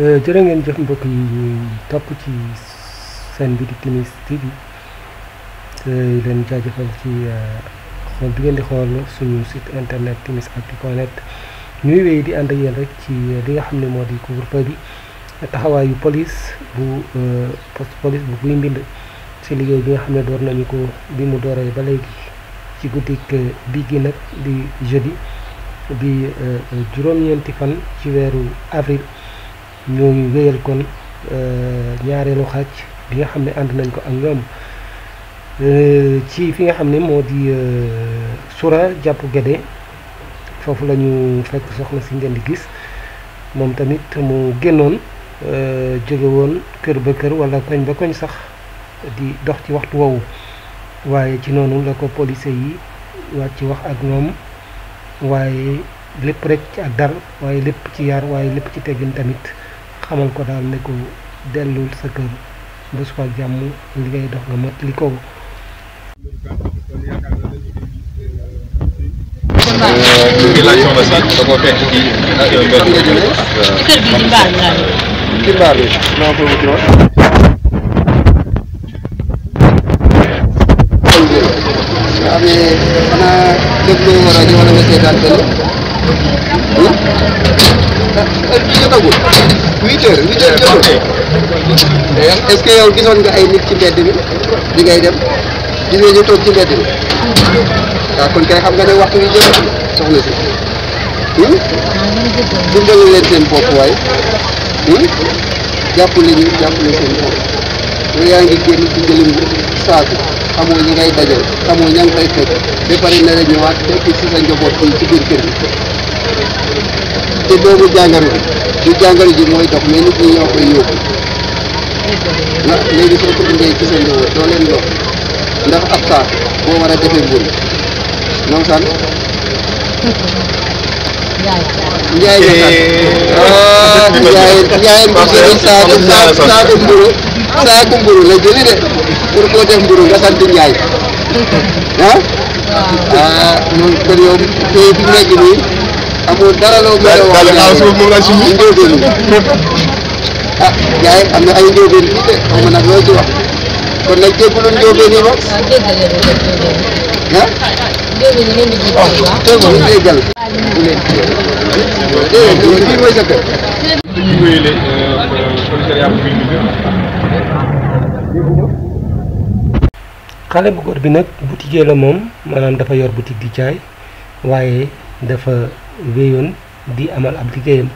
Euh, jërë ngeen jëf mbokk yi ñuy topp ci seen bi di Timis TV leen jaajëfal ci euh, xool bi ngeen di xool suñu site internet timisactu point net ñuy wéy di ànd ak rek ci li nga xam ne moo di couvre-feu bi taxawaayu police bu euh, poste police bu buy mbind ci liggéey bi nga xam ne door nañu ko bi mu dooree ba léegi ci guddik bi gi nag di jeudi bi juróom-ñeenti fan ci weeru avril ñoo ngi wéyal kon euh, ñaareelu xaaj bi nga xam ne ànd nañ ko ak ñoom euh, ci fi nga xam ne moo di euh, sura jàpp gede foofu la ñu fekk soxna si ngeen di gis moom tamit mu génnoon jóge woon kër ba kër wala koñ ba koñ sax di dox ci waxtu woowu waaye ci noonu la ko police yi wàcc wax ak ñoom waaye lépp rekk ci ak dar waaye lépp ci yar waaye lépp ci teggin tamit amal ko daal ne ko dellul sa kër ba suba ak jàmm li ngay dox nga li ko. relation ba sax da koo fekk ci ak huit heures huit heures gisoon nga ay nit ci mbedd bi bi ngay dem gis nga ñu toog ci mbedd bi waaw kon kay xam nga ne waxtu bi jotul soxna si dimbalu leen seen bopp waay jàppale ñu jàppale seen bopp yaa ngi génn ci jëliñ saako xamoo li ngay dajal xamoo ña nga fekk ba pare nar a ñëwaat fekk si sa njaboot fii ci biir kër gi te boobu jàngoro bi du ji mooy dox mais nit ñi ñoo koy ndax léegi sa boo war a defee mbir moom sànni. Ndiaye Ndiaye Ndiaye Ndiaye Ndiaye Ndiaye Ndiaye Ndiaye Ndiaye saaku mburu la jëli de pour koo def nga sant Njaay ah ah kon yow tey fi mu nekk nii dara loo mën a wax ah, njóobeen ah Njaay am na ay njóobeen fii de xaw ma nag kon nag jégalu njóobeen moom ah jégalu jégal déedéet fii xale bu góor bi nag boutique la moom maanaam dafa yor boutique di jaay waaye dafa wéyoon di amal ab liggéeyam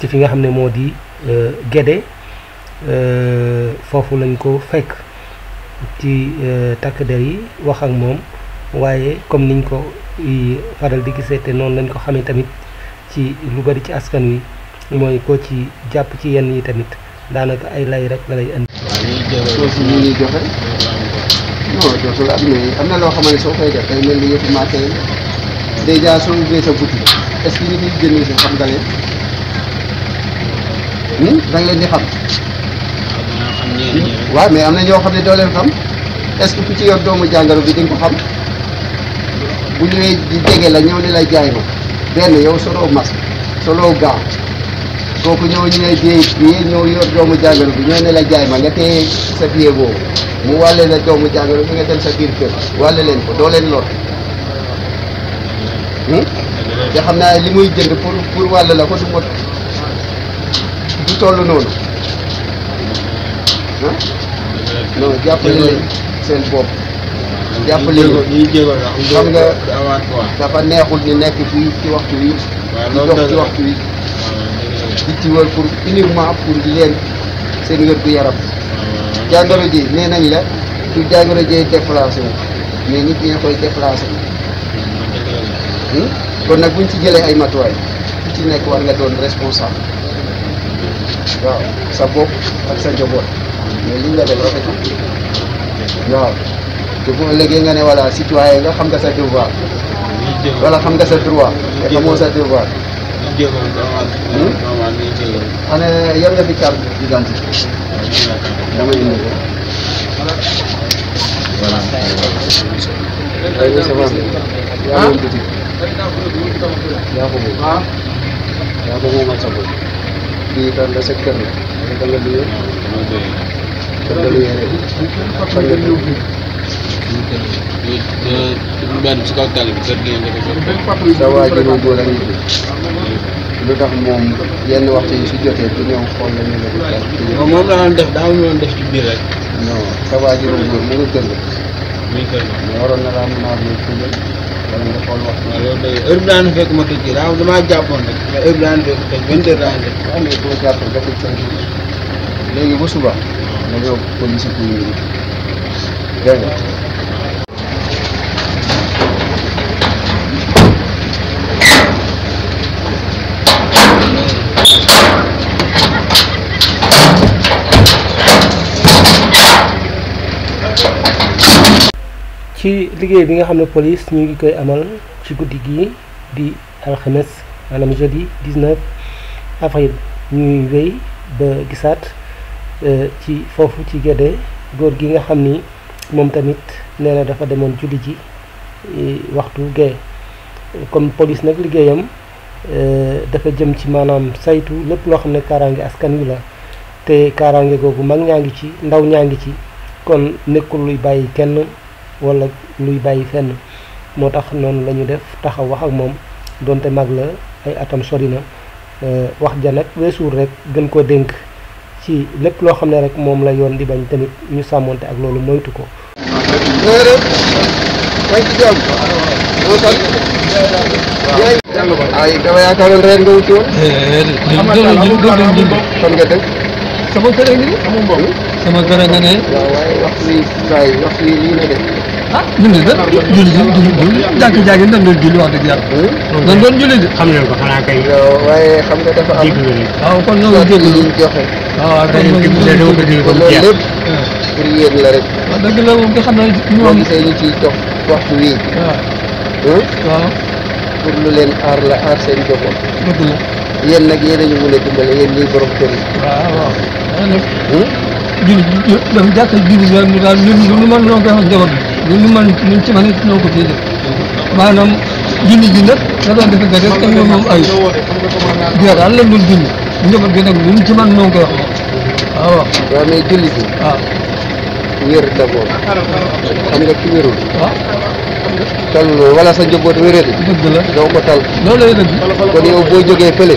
ci fi nga xam ne moo di euh, Guédé euh, foofu lañ ko fekk ci euh, takk der yi wax ak moom waaye comme niñ ko faral di gisee te noonu lañ ko xamee tamit ci lu bari ci askan wi mooy ko ci jàpp ci yenn yi tamit daanaka ay lay rek la lay indi. soosu ñu ñuy joxe jox dootul am mais am na loo xam ne soo koy def day mel ni yëfu marché yi déjà soo ubbee sa boutique est-ce que ñu ngi jënd si xam nga leen da leen di xam waaw mais am na ñoo xam ne doo leen xam est-ce ci yor doomu jàngoro bi di nga ko xam bu ñëwee di jege la ñëw ne la jaay ma benn yow soloo masque soloo gaaw kooku ñoo ñu lay jaay billet ñëw yor doomu jàngoro bi ñoo ne la jaay ma nga téye sa billet boobu mu wàlle la doomu jàngoro bi nga dem sa biir kër wàlle leen ko doo leen hmm? te xam naa li muy jënd pour pour wàll la ko du mot du toll noonu ah hmm? jàppale seen bopp jàppale leen xam nga dafa neexul ni nekk fii ci waxtu wi di dox ci waxtu wi jittiwoon pour uniquement pour leen seen wér gu yaram jàngoro ji nee nañ la du jàngoro jiy déplacé mais nit ñi koy déplacé hmm? kon nag buñ ci jëlee ay matuwaay ku ci nekk war nga doon responsable waaw sa bopp ak sa njaboot mais liñ la def rafetul waaw te bu ëllëgee nga ne voilà citoyen nga xam nga sa devoir wala xam nga sa droit te અને યજ્ઞ વિચાર દીધા છે દવા જેવું બોલાવી lu tax moom yenn waxtu yi su jotee du ñëw xool la ñu a waaw moom la def daaw ñu def ci biir rek. non sa waajur góor mu ngi gën. muy gën mais waroon na laa mën a amee tuuti wala nga daan fekk ma tëj daaw damaa jàppoon rek mais heure bi daan fekk tëj vingt heures daan fekk. boo jàppee ba tëj cinq léegi ba suba. nga yóbbu police yi dégg nga ci liggéey bi nga xam ne police ñu ngi koy amal ci guddi gii di alxames maanaam jeudi 19 avril ñuy wéy ba gisaat euh, ci foofu ci Guédé góor gi nga xam ni moom tamit nee na dafa demoon julli ji waxtu gee kon police nag liggéeyam euh, dafa jëm ci maanaam saytu lépp loo xam ne kaaraange askan wi la te kaaraange googu mag ñaa ngi ci ndaw ñaa ngi ci kon nekkul luy bàyyi kenn wala luy bàyyi fenn moo tax noonu la def taxaw wax ak moom donte mag la ay atam sori na euh, wax ja nag rek gën koo dénk ci lépp loo xam ne rek moom la yoon di bañ tamit ñu sàmmonte ak loolu moytu ko. ay ah julli la julli julli julli jàkk jàkk yi dañ doon julli wax dëgg yàlla. dañ doon julli de. xam nañ ko xanaa kay. waaye xam nga dafa am. waaw kon loolu déglu la joxe. waaw kon loolu déglu la loolu lépp. pour yéen la rek. waaw dëgg la moom nga xam ne ñoom. gisee ñu ciy jox waxtu wii. waaw. waaw. pour lu leen aar la aar seen jokkoo. dëgg la. yéen nag yéen a ñu mën a dimbale yéen ñii borom kër yi. waaw waaw. julli dafa jàkk julli daal ñun lu mën noo koy wax njaboot bi lu ñu mën luñ ci mën a ñoo ko ciy maanaam julli gi nag da doon def nga ay biir daal lañ doon julli njaboot gi nag luñ ci mën gi. waaw. wér d'abord nga ki wérul. waaw. tal wala sa njaboot wéradi. dëgg la ko tal. loolu boo jógee fële.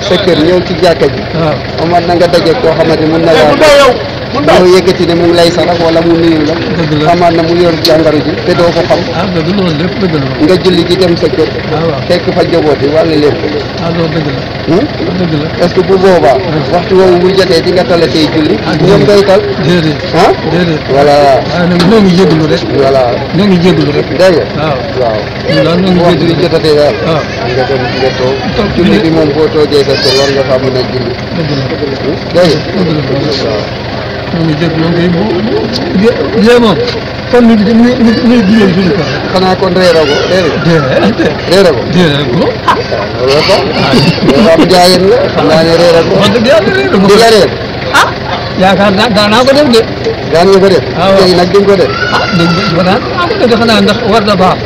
sa kër ñëw ci jàkka ji. waaw Omar na nga daje koo xamante mën na laa. mu yëkkati ne mu ngi lay sax wala mu nuyu la xamaat na mu yor jàngoro ji te doo ko xam ah, nga julli ji dem sa kër ah, fekk fa njaboot yi wala lépp parce que bu boobaa ah. waxtu woowu mu jotee di nga tala tey julli ñoom ngay tal ah voilà ñoo ngi jégalu rek voilà ñoo ngi jégalu rek dégg nga waaw waxtu bi jotatee daal nga dem nga toog julli bi moom boo toogee sa kër war nga fa mën a julli hmm? dégg nga waaw ñu jégalu kay bu bu jé moom kon ñu ñu ñu ñu jigéen fii quoi. xanaa kon réeré ko réeré. réeré ko réeré ko. loolu sax loolu am jaayeen la xam naa ne réeré ko. wax dëgg yàlla réeré ko di la réer. ah yaakaar naa daan naa ko def de. daan nga ko def. Ah, waaw tey nag dañ ko def. ah dañ ko daan ah ko defe naa ndax war na baax.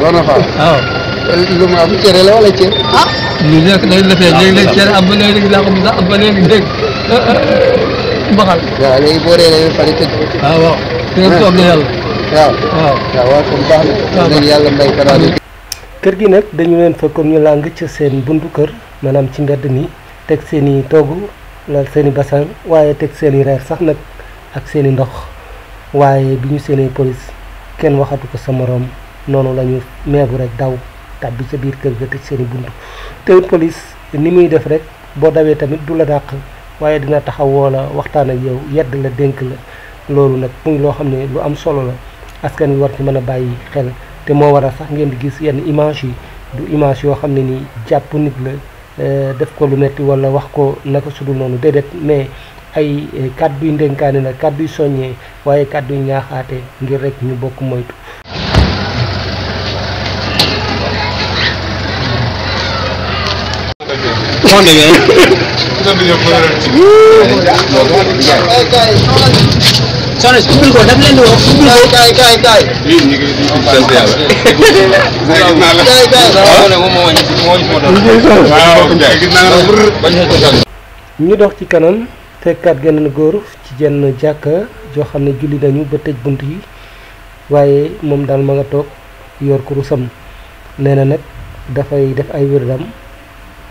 war na baax ah, waaw. lu mu am cere la wala cere. ah. ñu nekk dañ la fee léegi nag cere am ba léegi laa ko mos a am ba léegi dégg. ci baxal. kër gi nag dañu leen fa comme ñu làng ca seen buntu kër maanaam ci mbedd mi teg seen i togg lal seen basan waaye teg seen i reer sax nag ak seeni ndox waaye bi ñu seenee police kenn waxatu ko sa moroom noonu lañu ñu meebu rek daw tàbbi ca biir kër ga teg seen i buntu te police ni muy def rek boo dawee tamit du la dàq. waaye dina taxawoo la waxtaan ak yow yedd la dénk la loolu nag muy loo xam ne lu am solo la askan wi war ci mën a bàyyi xel te moo war a sax ngeen di gis yenn image yi du image yoo xam ne nii jàpp nit la euh, def ko lu metti walla wax ko naka sudul noonu déedéet mais ay kat euh, kàdduy ndénkaane la kàdduy soññee waaye kàdduy ñaaxaate ngir rek ñu bokk moytu Soalnya kumpul kok, tapi lu kumpul kok. Kai kai kai. Ini ini santai ya. Saya kenal. Kai kai. Soalnya ngomong aja sih mau modal. Waaw, kayak kenal bañ ko yor kurusam nee dafai dafai berdam,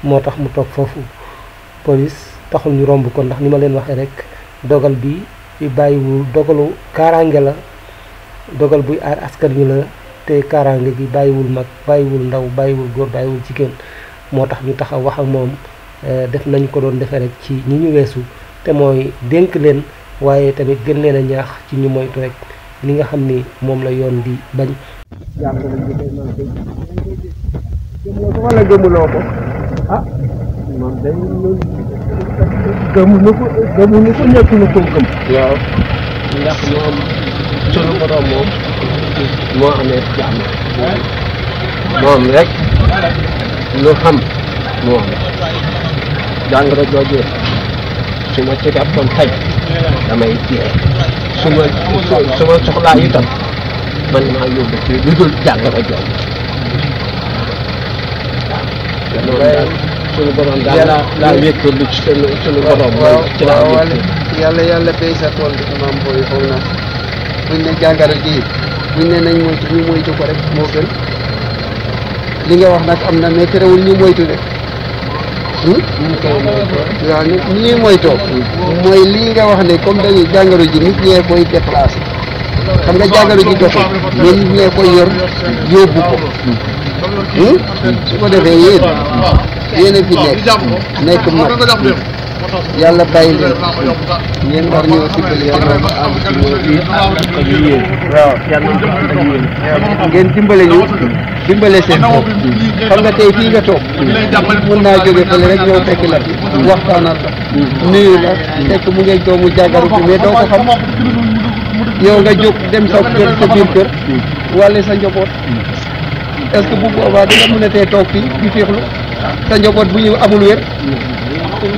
motah ay fofu. police taxul ñu romb ko ndax ni ma leen waxee rek dogal bi bàyyiwul dogalu kaaraange la dogal buy aar askan wi la te kaaraange bi bàyyiwul mag bàyyiwul ndaw bàyyiwul góor bàyyiwul jigéen moo tax ñu taxaw wax ak moom eh, def nañ ko doon defe rek ci ñi ñu weesu te mooy dénk leen waaye tamit gën leen a ñaax ci ñu moytu rek li nga xam ni moom la yoon di bañ. mandei kamu nuku kamu nuku nya kunu kum ya ndax ñoom sunu borom moom moo amee jàmm moom rek lu xam moo am jàngoro jooju su ma ci gàppoon tey damay jiyee su ma su ma soxlaa itam man maa yóbbu ci lu dul jàngoro jooju suñu borom daal yàlla daal wékkalu ci suñu suñu borom. waaw waaw waaw yàlla yàlla béy sa tool bi maam booy foog naa buñ ne jàngara gii buñ ne nañ moytu ñu moytu ko rek moo gën li nga wax nag am na mais terewul ñu moytu de. Hmm? waaw ñu ñuy moytoo mooy lii nga wax ne comme dañuy jàngaro ji nit ñee koy déplacé xam nga jàngaro ji doxul mais nit ñee koy yor yóbbu ko hmm? Hmm? su ko defee yéen yéen a fi nekk nekk mag yàlla bàyyi leen ngeen war ñoo dimbali yàlla waaw ngeen dimbale ñu dimbale seen bopp xam nga tey fii nga toog mën naa jóge fële rek ñëw fekk la waxtaan ak nuyu la fekk mu ngi doomu jàggaru bi mais doo ko xam yow nga jóg dem sa kër sa biir kër wàlle sa njaboot est bu boobaa dina mën a tee toog fii di féexlu te njaboot bu ñu amul wér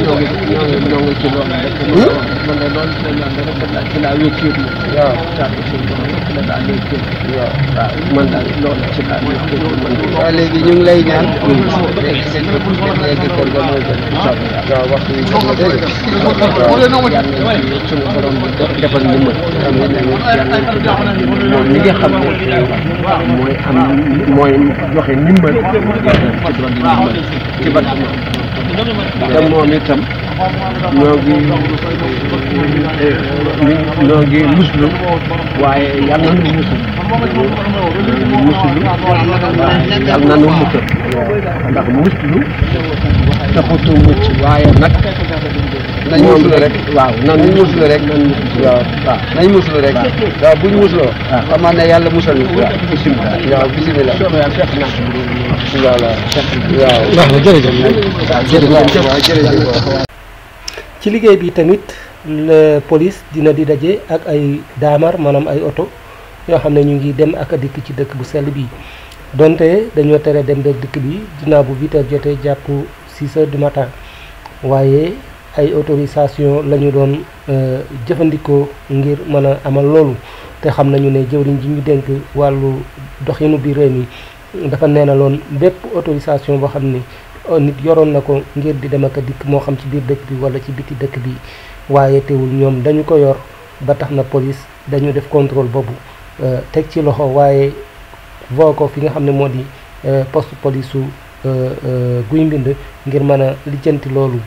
ñoo ngi ñoo ngi ñoo ngi ci loolu rek. man de loolu seen yoon rek la ci laa wéccéet moom. waaw saa ko seen borom rek la daa wéccéet. waaw waaw man daal loolu ci laa wéccéet man. waaw léegi ñu ngi lay ñaan. léegi seen bopp léegi kër ga mooy gën. waaw waxtu yi jot na dégg nga. waaw yal nañu ci suñu borom bi defal ñu mën. xam nga ne yal nañu ci defal ñu mën moom mi nga xam ne mooy am mooy joxe ndimbal ci doon ndimbal ci barke moom. te moom itam ñoo ngi ñoo ngi muslu waaye yal na nu muslu muslu yal na nu musal ndax muslu taxutu mucc waaye nag nañ muslu rek waaw nañ muslu rek nañ muslu waaw waaw nañ muslu rek waaw buñ musloo xamaa ne yàlla musal ñu waaw bisimilah waaw bisimilah voilà waaw ci liggéey bi tamit la police dina di daje ak ay daamar maanaam ay oto yoo xam ne ñu ngi dem ak a dikk ci dëkk bu sell bi donte dañoo tere dem beeg dikk bi ginnaaw bu 8 heures jotee jàpp 6 heures du matin waaye ay autorisation la ñu doon euh, jëfandikoo ngir mën a amal loolu te xam nañu ne jëwriñ ji ñu dénk wàllu doxinu bi réew mi dafa neenaloon bépp autorisation boo xam ni euh, nit yoroon na ko ngir di dem ak dikk moo xam ci biir dëkk bi wala ci biti dëkk bi waaye teewul ñoom dañu ko yor ba tax na police dañu def contrôle boobu euh, teg ci loxo waaye voo fi nga xam ne moo di euh, poste police su guy mbind ngir mën a lijjanti loolu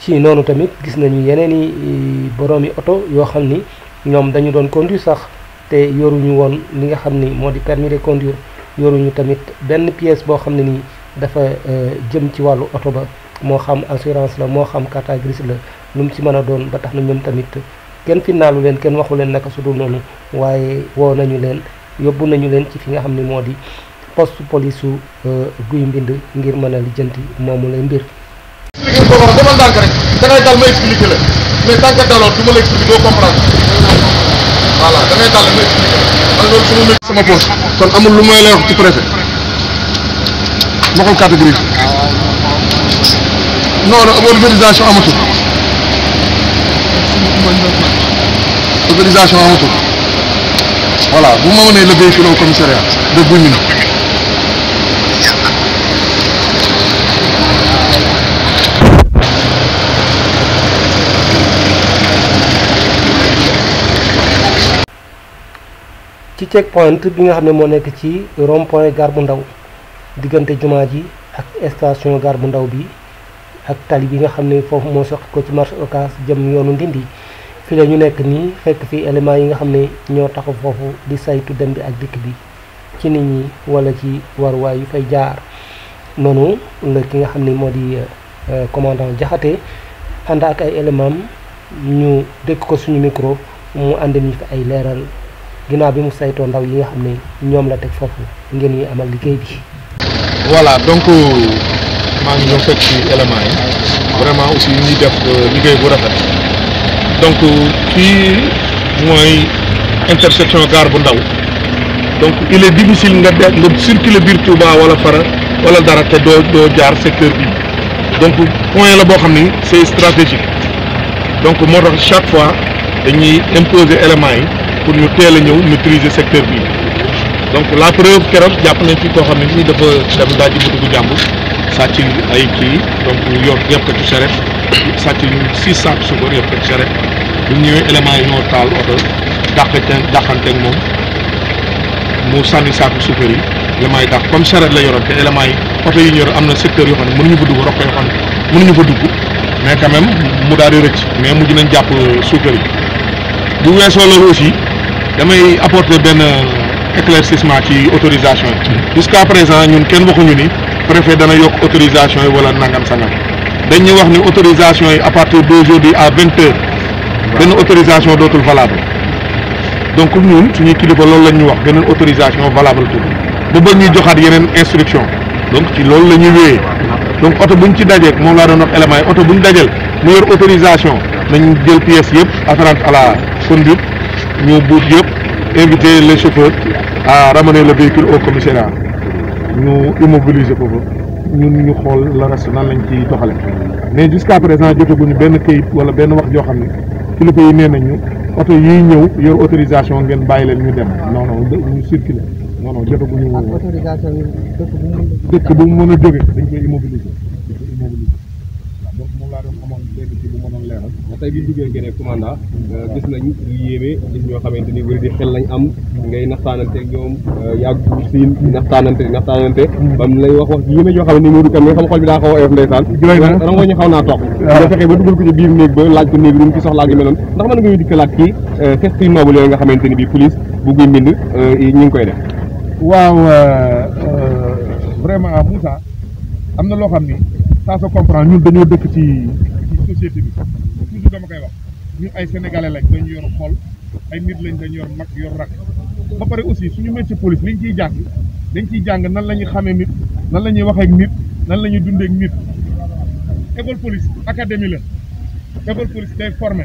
ci noonu tamit gis nañu yeneen i boroomi oto yoo xam ni ñoom dañu doon conduire sax te yoruñu woon li nga xam ni moo di permis de conduire yoruñu tamit benn pièce boo xam ne nii dafa euh, jëm ci wàllu oto ba moo xam assurance la moo xam carte la lu mu ci mën a doon ba tax na ñoom tamit kenn finnaalu leen kenn waxu leen naka sudul noonu waaye woo nañu leen yóbbu nañu leen ci fi nga xam ne moo di poste police su euh, guy mbind ngir mën a lijjanti moomu lay mbir. da ngay tàll mais man loolu su ma métti sama poche kon o lu may lay wax ci préfet ma xool catégorie non non organisation amatul organisation amatul voilà bu ma mënee le commissariat de Gouy Mine check point bi nga xam ne moo nekk ci rompoint point bu ndaw diggante jumaa ji ak station gare bu ndaw bi ak tali bi nga xam ne foofu moo soqi ko ci marché Ocass jëm yoonu Ndindi fi la ñu nekk nii fekk fi éléments yi nga xam ne ñoo taxaw foofu di saytu dem bi ak dikk bi ci nit ñi wala ci waruwaay yu fay jaar noonu la ki nga xam ne moo di euh, euh, commandant Jaxate ànd ak ay éléments ñu dëkk ko suñu micro mu ànd ñu fi ay leeral ginnaaw bi mu saytoo ndaw yi nga xam ne ñoom la teg foofu ngeen ñuy amal liggéey bi. voilà donc maa ngi ñëw fekk ci éléments yi vraiment aussi ñu ngi def euh, liggéey bu rafet donc fii mooy intersection gare bu ndaw donc il est difficile nga de nga circuler biir Touba wala fara wala dara te doo doo jaar secteur bi donc point la boo xam ni c'est stratégique donc moo tax chaque fois dañuy imposer éléments yi. pour ñu teel a ñëw maîtriser secteur bi donc la preuve keroog jàpp nañ fi koo xam ne nii dafa dem daal di dugg jàmbur sàcc ay kii donc ñu yor yëppkatu charrette sàcc ñu six sacs suukar yëppkatu charrette bu ñu ñëwee éléments yi ñoo taal oto dàqante dàqanteeg moom mu sànni saaku suukar yi éléments yi dàq comme charrette la yoroon te éléments yi oto yi ñu yor am na secteur yoo xam ne mënuñu fa dugg rokk yoo xam ne mënuñu fa dugg mais quand même mu daal di rëcc mais mujj nañ jàpp suukar yi. Nous sommes aussi damay apporter un euh, éclaircissement ci autorisation mm. jusqu'à présent nous kenn waxuñu ni préfet dana autorisation nous wala nangam sangam dañ ñu wax ni autorisation à partir d'aujourd'hui à vingt heures. une autorisation d'autres valable. donc nous avons kilifa une autorisation valable Nous avons une instruction donc ci loolu la donc auto bu ñu ci dajeeg moom la doon wax élément auto buñ dajel ñu yor autorisation nañ jël pièces yépp afférentes à la conduite ñu buut yépp inviter les chauffeurs à ramener le véhicule au commissariat ñu immobiliser ko ñun ñu xool la reste nan lañ ci doxale mais jusqu'à présent jotaguñu benn kayit wala benn wax joo xam ne kilifa yi nee nañu oto yi ñëw yor autorisation ngeen bàyyi leen ñu dem non non ñu circuler non non jotaguñu. ak autorisation yi dëkk bu mu. dëkk bu mu mën a jóge dañ koy immobiliser dañ koy immobiliser waaw donc moom laa doon amoon léegi ci euh, gis nañ lu yéeme gis ñoo xamante ni wér di xel lañ am ngay naxtaanante ak ñoom euh, yàgg siin naxtaanante naxtaanante hmm. bam lay wax wax yéeme yoo xam ne ni Modou Kane nga xam xol bi daa xaw a oyof ndeysaan rango ñu xaw naa toog nga fexe ba dugal ko ci biir néeg ba laaj ko néeg lu mu ci soxlaa gi meloon ndax mën nga ñu dikkalaat kii geste euh, yu noble yooyu nga xamante ni bi police b guy mbind ñu ngi koy def waaw euh, euh, vraiment Moussa am na loo xam ni ça se comprend ñun dañoo dëkk ci ci société bi toujours dama koy wax ñun ay sénégalais lañ dañu yor xol ay nit lañ dañu yor mag yor rak ba pare aussi suñu métier police liñ ciy jàng dañ ciy jàng nan la ñuy xamee nit nan la ñuy waxee ak nit nan la ñuy dundee ak nit école police académie la école police day formé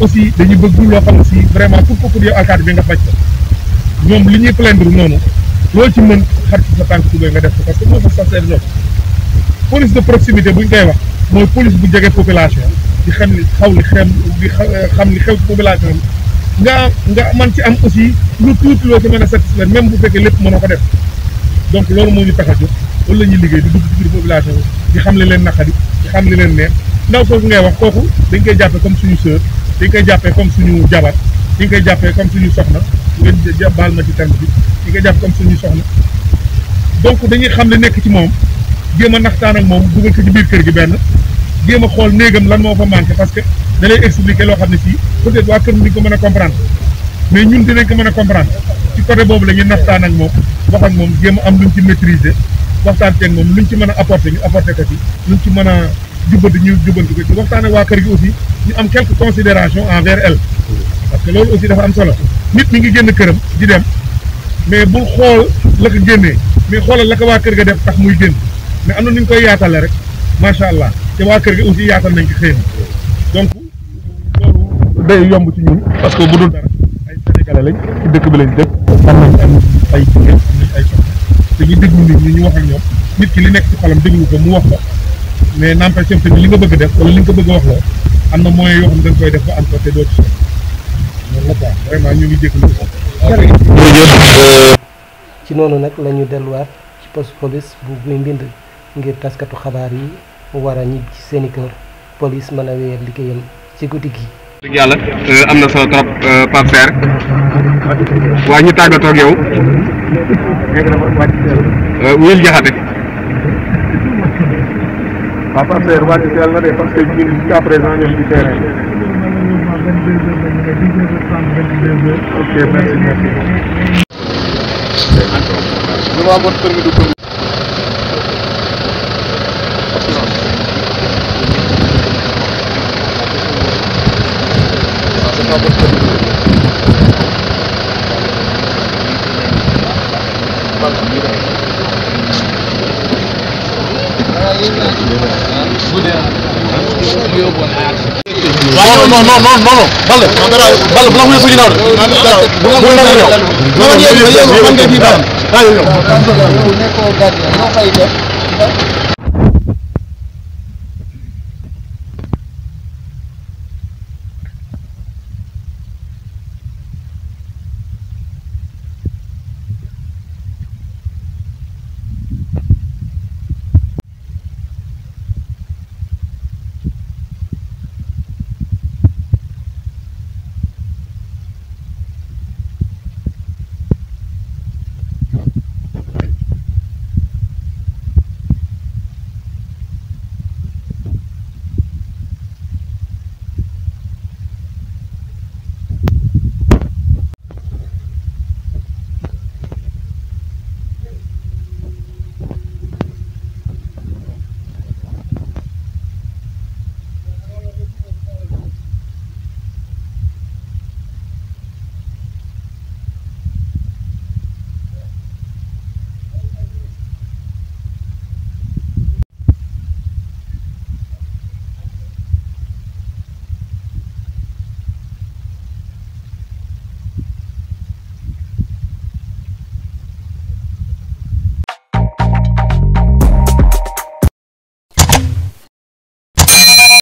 aussi dañu bëgg lu xam si vraiment pour pour yow alcade bi nga fajj ko ñoom li ñuy plaindre noonu loolu ci mën xar ci sa tànk tubé nga def ko parce que moo fa sincère police de proximité buñ koy wax mooy police bu jege population di xam ni xaw li xem di euh, xam ni xew population nga nga man ci am aussi lu tuuti loo ci mën a satisfaire même bu fekkee lépp mën ko def donc loolu moo ñu tax jóg loolu la ñuy liggéey di dugg ci biir population bi di xam li leen naqari di xam li leen neex ndaw soosu ngay wax kooku dañ koy jàppee comme suñu sœur dañ jàppee comme suñu jabar dañ koy jàppee comme suñu soxna ngeen baal ma ci terme bi dañ koy jàpp comme suñu soxna donc dañuy xam li nekk ci moom jéem a naxtaan ak moom dugal ko ci biir kër gi benn jéem a xool néegam lan moo fa manqué parce que da lay loo xam ne fii peut-être waa kër mi ko mën a comprendre mais ñun dinañ ko mën a comprendre ci côté boobu la naxtaan ak moom wax ak moom jéem a am luñ ci waxtaan teeg moom ñu ci mën a apporter ñu apporter ko ci luñ ci mën a jubbanti ñu jubbanti ko ci waxtaan ak waa kër gi aussi ñu am quelque considération envers elle parce que loolu aussi dafa am solo nit mi ngi génn këram di dem mais bul xool la ko génnee mais xoolal la ko waa kër gi def tax muy génn mais am na ñu koy yaatale rek macha allah te waa kër ga aussi yaatal nañ ci xëy na donc loolu day yomb ci ñun parce que bu dul dara ay sénégalais lañ ci dëkk bi lañ dëkk am nañ dañuy déglu nit ñi ñu wax ak ñoom nit ki li nekk ci xolam déglu ko mu wax ko mais n'empêche chef bi li nga bëgg def wala li nga bëgg wax la am na moyen yoo xam dañ koy def ba am ko te doo ci loolu la quoi vraiment ñu ngi jégalu ko euh, ci noonu nag la ñu delluwaat ci poste police bu mbind ngir taskatu xabaar yi war a ci seen i kër police mën a wéyal liggéeyam ci guddi gi yàlla euh, am na solo trop euh, waa ñu yow होईल घ्या हाते बापा शेरवाजी त्याला रेफर सेफ्टीच्या प्रेझाने तिथे okay message message non non non non Balla Balla bu la xoolee suñu naaw de bu la xoolee suñu naaw non yéen yéen man ngeen kii baal